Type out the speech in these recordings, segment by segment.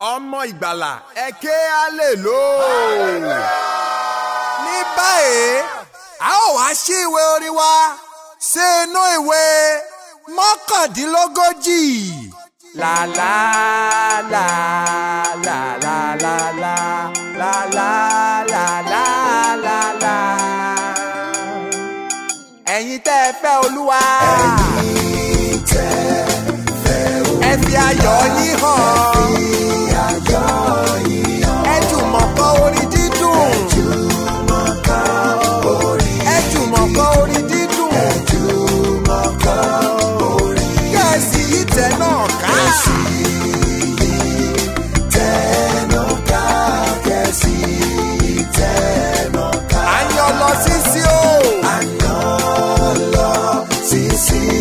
ọmọ ìgbàlà ẹ ké hallelujah. ní báyìí a ó wá sí ìwé orin wa sí inú ìwé mọ́kàndínlógójì. la la la la la la la la la la la la la. ẹ̀yin tẹ́ ẹ fẹ́ olúwa. ẹ̀yin tẹ́ ẹ fẹ́ olúwa. ẹ fi ayọ̀ yín hàn. see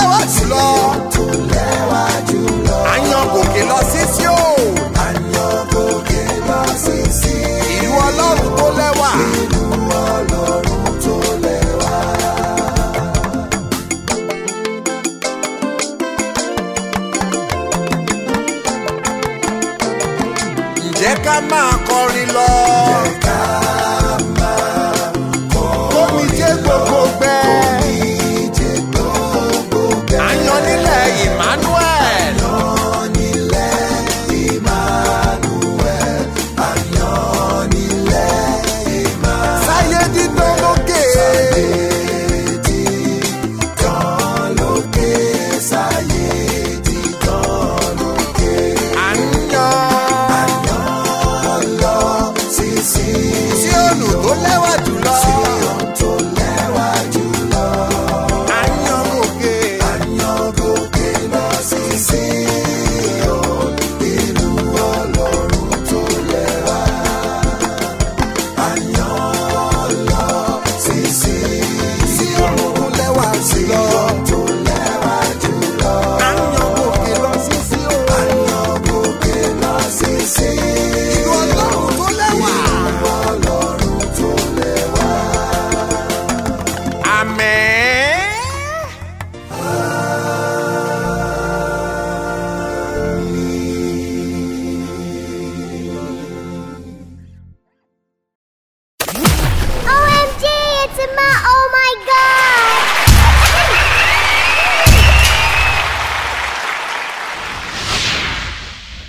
lẹ́wà jùlọ. tó lẹ́wà jùlọ. àyàn gòkè lọ sí sí o. àyàn gòkè lọ sí sí. ìlú ọlọ́run tó lẹ́wà. ìlú ọlọ́run tó lẹ́wà. ǹjẹ́ ká máa kọrin lọ. ǹjẹ́ ká. 啊！